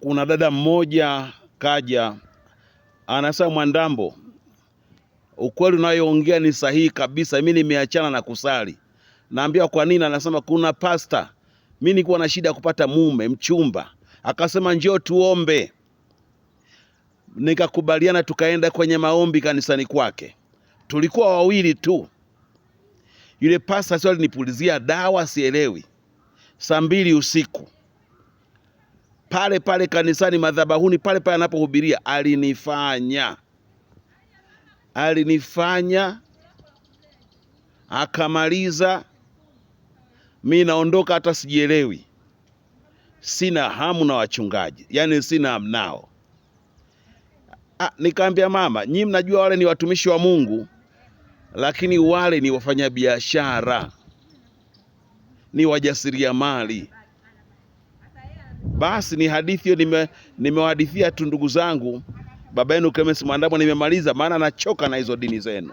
kuna dada mmoja kaja anasema, Mwandambo, ukweli unayoongea ni sahihi kabisa, mi nimeachana na kusali. Naambia kwa nini? Anasema kuna pasta, mi nilikuwa na shida ya kupata mume mchumba, akasema njoo tuombe. Nikakubaliana, tukaenda kwenye maombi kanisani kwake, tulikuwa wawili tu. Yule pasta sio alinipulizia dawa, sielewi, saa mbili usiku pale pale kanisani, madhabahuni, pale pale anapohubiria. Alinifanya, alinifanya akamaliza. Mi naondoka hata sijielewi, sina hamu na wachungaji, yaani sina hamu nao. Ah, nikaambia mama, nyi mnajua wale ni watumishi wa Mungu, lakini wale ni wafanyabiashara, ni wajasiriamali basi ni hadithi hiyo nime, nimewahadithia tu ndugu zangu. Baba yenu Clemence Mwandamwa nimemaliza, maana nachoka na hizo dini zenu.